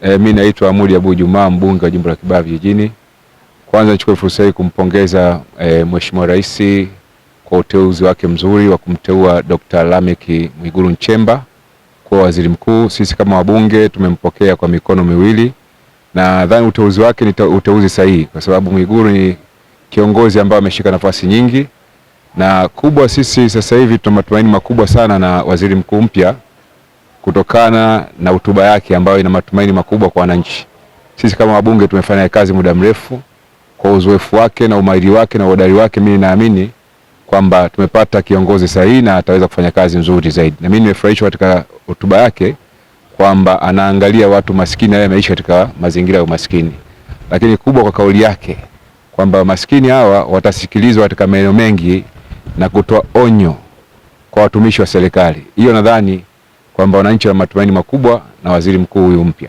E, mi naitwa Amudi Abu Jumaa mbunge wa jimbo la Kibaha Vijijini. Kwanza nichukue fursa hii kumpongeza e, Mheshimiwa Rais kwa uteuzi wake mzuri wa kumteua Dr. Lameck Mwigulu Nchemba kuwa waziri mkuu. Sisi kama wabunge tumempokea kwa mikono miwili, na nadhani uteuzi wake ni uteuzi sahihi kwa sababu Mwigulu ni kiongozi ambaye ameshika nafasi nyingi, na kubwa sisi sasa hivi tuna matumaini makubwa sana na waziri mkuu mpya kutokana na hotuba yake ambayo ina matumaini makubwa kwa wananchi. Sisi kama wabunge tumefanya kazi muda mrefu, kwa uzoefu wake na umahiri wake na uhodari wake, mimi naamini kwamba tumepata kiongozi sahihi na ataweza kufanya kazi nzuri zaidi. Na mimi nimefurahishwa katika hotuba yake kwamba anaangalia watu maskini na wameishi katika mazingira ya umaskini, lakini kubwa kwa kauli yake kwamba maskini hawa watasikilizwa katika maeneo mengi na kutoa onyo kwa watumishi wa serikali. Hiyo nadhani kwamba wananchi wana matumaini makubwa na waziri mkuu huyu mpya.